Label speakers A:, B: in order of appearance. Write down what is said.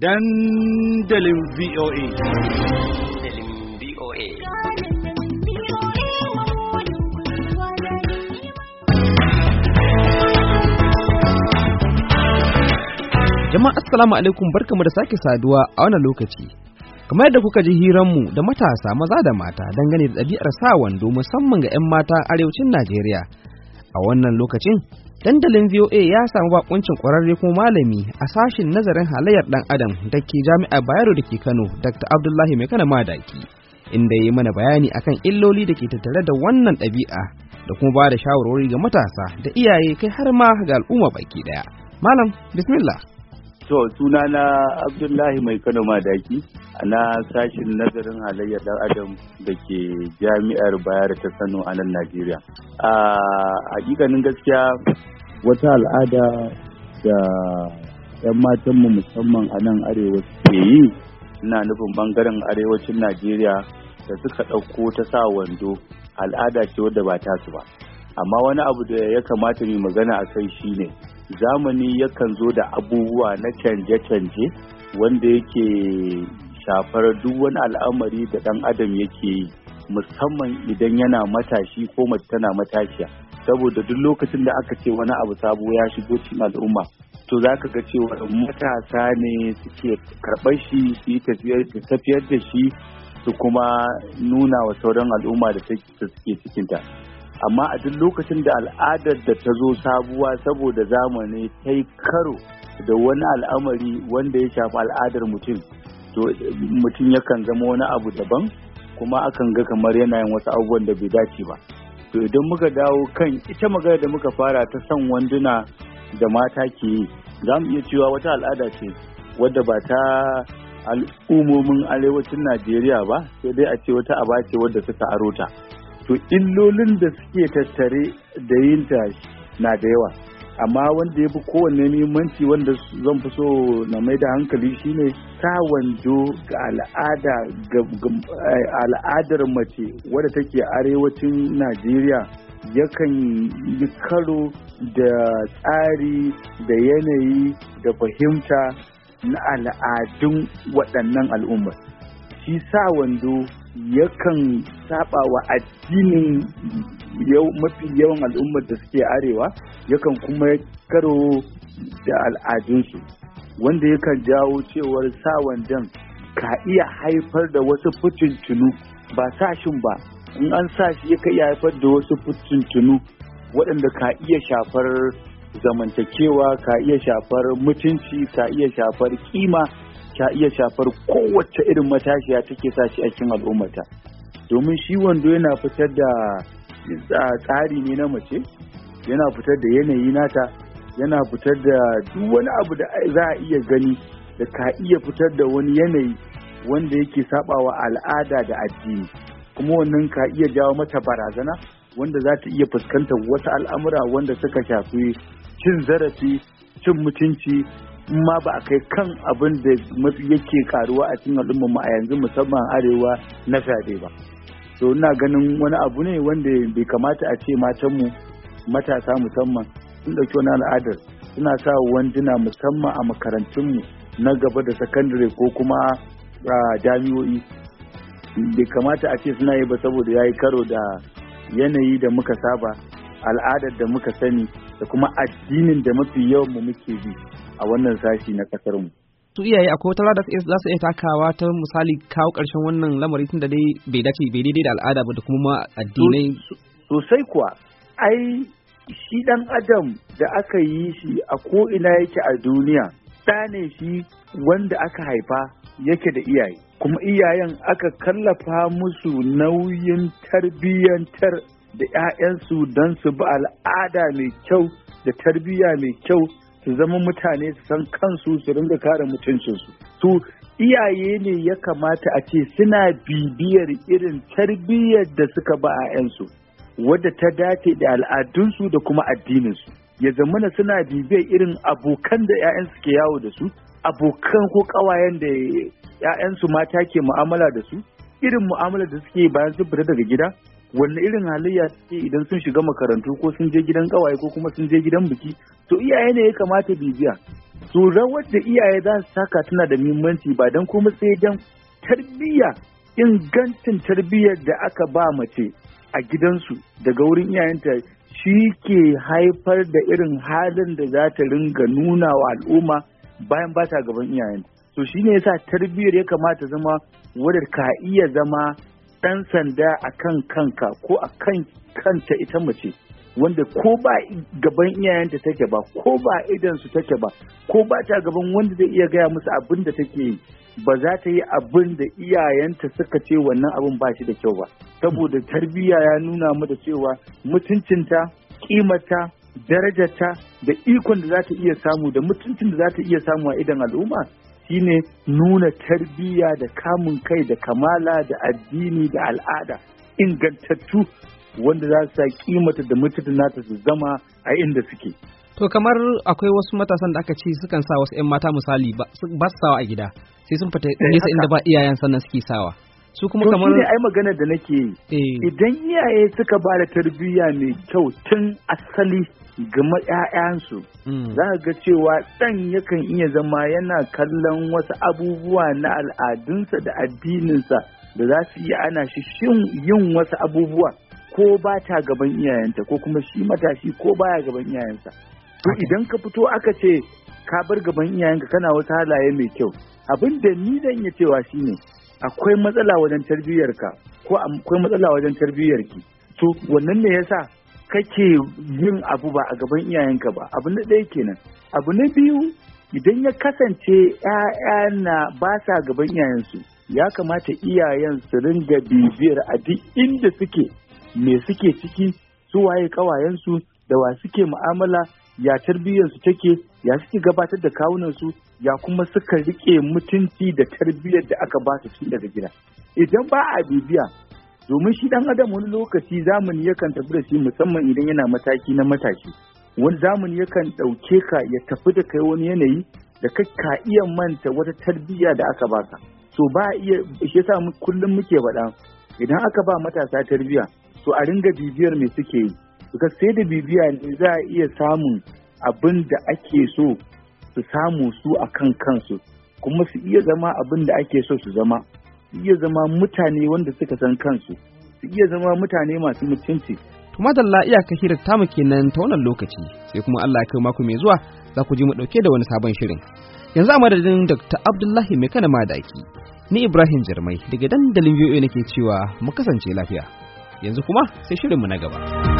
A: dandalin VOA. Dandalin VOA.
B: Jama'a Assalamu alaikum barkamu da sake saduwa a wannan lokaci. Kamar yadda kuka ji hiranmu da matasa maza da mata dangane da ɗabi'ar sa wando musamman ga 'yan mata arewacin Najeriya a wannan lokacin dandalin voa ya samu bakuncin kwararre kuma malami a sashin nazarin halayyar dan adam da ke jami'ar bayero da ke kano dr abdullahi mai kana madaki inda ya yi mana bayani akan illoli da ke tattare da wannan ɗabi'a da kuma ba da shawarwari ga matasa da iyaye kai har ma ga al'umma baki daya malam bismillah
A: To suna na Abdullahi mai Kano Madaki na sashin nazarin halayyar dan adam da ke jami'ar Bayar ta sano a nan Najeriya. A hakikanin gaskiya wata al'ada da 'yan matanmu musamman a nan arewa suke yi na nufin bangaren arewacin Najeriya da suka ɗauko ta sa wando al'ada ce wadda ba tasu ba. Amma wani abu da ya kamata mai magana a kai shine zamani yakan zo da abubuwa na canje-canje wanda yake shafar duk wani al'amari da ɗan adam yake yi musamman idan yana matashi ko mace tana matashiya saboda duk lokacin da aka ce wani abu sabo ya shigo cikin al'umma to za ka ga cewa matasa ne suke karɓar shi su yi tafiyar da shi su kuma nuna wa sauran al'umma da suke cikinta amma a duk lokacin da al'adar da ta zo sabuwa saboda zamani ta yi karo da wani al'amari wanda ya shafi al'adar mutum to mutum yakan zama wani abu daban kuma akan ga kamar yana yin wasu abubuwan da bai dace ba to idan muka dawo kan ita magana da muka fara ta san wanduna da mata ke yi za mu iya cewa wata al'ada ce wadda ba ta al'ummomin arewacin najeriya ba sai dai a ce wata aba ce wadda suka aro ta to illolin da suke tattare da yin ta na da yawa amma wanda ya fi kowanne muhimmanci wanda zan fi so na mai da hankali shine ta wando ga al'ada eh, al'adar mace wadda take arewacin najeriya yakan yi karo da tsari da yanayi da fahimta na al'adun waɗannan al'ummar shi sa wando yakan saba wa addinin mafi yawan al'ummar da suke arewa yakan kuma karo da al'adunsu wanda yakan jawo cewar sa wandon ka iya haifar da wasu fitintunu ba sashin ba in an sa shi yakan iya haifar da wasu fitintunu waɗanda ka iya shafar zamantakewa ka iya shafar mutunci ka iya shafar kima ta iya shafar kowace irin matashiya take sa shi a cikin al'ummata domin shi wando yana fitar da tsari ne na mace yana fitar da yanayi nata yana fitar da duk wani abu da za a iya gani da ka iya fitar da wani yanayi wanda yake sabawa al'ada da addini kuma wannan ka iya jawo mata barazana wanda za ta iya fuskantar wasu al'amura wanda suka shafi cin zarafi cin mutunci ma ba a kai kan abin da yake karuwa a cikin al'umma mu a yanzu musamman arewa na fyaɗe ba to ina ganin wani abu ne wanda bai kamata a ce matan mu matasa musamman sun ɗauki wani al'adar suna sa wanduna musamman a makarantun mu na gaba da sakandare ko kuma jami'o'i bai kamata a ce suna yi ba saboda ya yi karo da yanayi da muka saba al'adar da muka sani da kuma addinin da mafi yawan mu muke bi a wannan sashi na kasar mu
B: su iyaye akwai wata rada za su iya takawa ta misali kawo ƙarshen wannan lamari tun da dai bai dace bai daidai da al'ada ba da kuma ma addinai sosai kuwa
A: ai shi ɗan adam da aka yi shi a ko ina yake a duniya ɗa ne shi wanda aka haifa yake da iyaye kuma iyayen aka kallafa musu nauyin tarbiyyantar da 'ya'yansu don su bi al'ada mai kyau da tarbiyya mai kyau su zama mutane su san kansu su ringa kare mutuncinsu su iyaye ne ya kamata a ce suna bibiyar irin tarbiyyar da suka ba a 'yansu wadda ta dace da al'adunsu da kuma addininsu ya zamana suna bibiyar irin abokan da 'ya'yansu ke yawo da su abokan ko kawayen da 'ya'yansu mata ke mu'amala da su irin mu'amala da suke bayan sun fita daga gida wanne irin halayya suke idan sun shiga makarantu ko sun je gidan kawaye ko kuma sun je gidan biki to iyaye ne ya kamata bibiya su rawar da iyaye za su taka tana da muhimmanci ba dan kuma sai dan tarbiyya ingancin tarbiyyar da aka ba mace a gidansu daga wurin iyayenta shi ke haifar da irin halin da za ta ringa nuna wa al'umma bayan ba ta gaban iyayenta to shine yasa tarbiyyar ya kamata zama wadda ka iya zama ɗan sanda a kan kanka ko a kan kanta ita mace wanda ko ba gaban iyayenta take ba ko ba idansu take ba ko ba ta gaban wanda zai iya gaya musu abin da take yi ba za ta yi abin da iyayenta suka ce wannan abin ba shi da kyau ba saboda tarbiyya ya nuna mu da cewa mutuncinta kimata darajata, da ikon da za ta iya samu da mutuncin da za ta iya samu a idan al'umma shine nuna tarbiyya da kamun kai da kamala da addini da al'ada ingantattu wanda za su sa kimata da mutunta nata su zama a inda suke
B: to kamar akwai wasu matasan da aka ce sukan sa wasu 'yan mata misali ba su sawa a gida sai sun fita eh, nesa inda ba iyayen sannan suke sawa su kuma kamar ai
A: magana da nake yi eh. idan iyaye suka ba da tarbiyya mai kyau tun asali ga ‘ya'yansu hmm. za ka ga cewa dan yakan iya zama yana kallon wasu abubuwa na al'adunsa da addininsa da za su iya ana shi yin wasu abubuwa ko ba ta gaban iyayenta ko kuma shi matashi ko baya gaban iyayensa to idan ka fito aka ce ka bar gaban iyayenka kana wasu halaye mai kyau abin da ni dan iya cewa shine akwai matsala wajen tarbiyyarka ko akwai matsala wajen tarbiyyarki to wannan ne yasa kake yin abu ba a gaban iyayenka ba abu na ɗaya kenan abu na biyu idan ya kasance 'ya'ya na ba sa gaban iyayensu ya kamata iyayen su ringa bibiyar a duk inda suke me suke ciki su waye kawayensu da wa suke mu'amala ya tarbiyyarsu take ya suke gabatar da kawunansu ya kuma suka rike mutunci da tarbiyyar da aka ba su tun daga gida idan ba a bibiya domin shi dan adam wani lokaci zamani yakan tafi da shi musamman idan yana mataki na matashi wani zamani yakan ɗauke ka ya tafi da kai wani yanayi da ka ka iya manta wata tarbiyya da aka baka so ba iya shi yasa kullum muke faɗa idan aka ba matasa tarbiyya to a ringa bibiyar me suke yi suka sai da bibiya ne za a iya samun abin da ake so su samu su a kan kansu kuma su iya zama abin da ake so su zama su iya zama mutane wanda suka san kansu su
B: iya zama mutane masu mutunci to madalla iyaka ta muke kenan ta wannan lokaci sai kuma Allah kai mako mai zuwa za ku ji mu ɗauke da wani sabon shirin yanzu a madadin Dr. Abdullahi Mai Kana Madaki ni Ibrahim Jarmai daga dandalin VOA nake cewa mu kasance lafiya yanzu kuma sai shirinmu na gaba.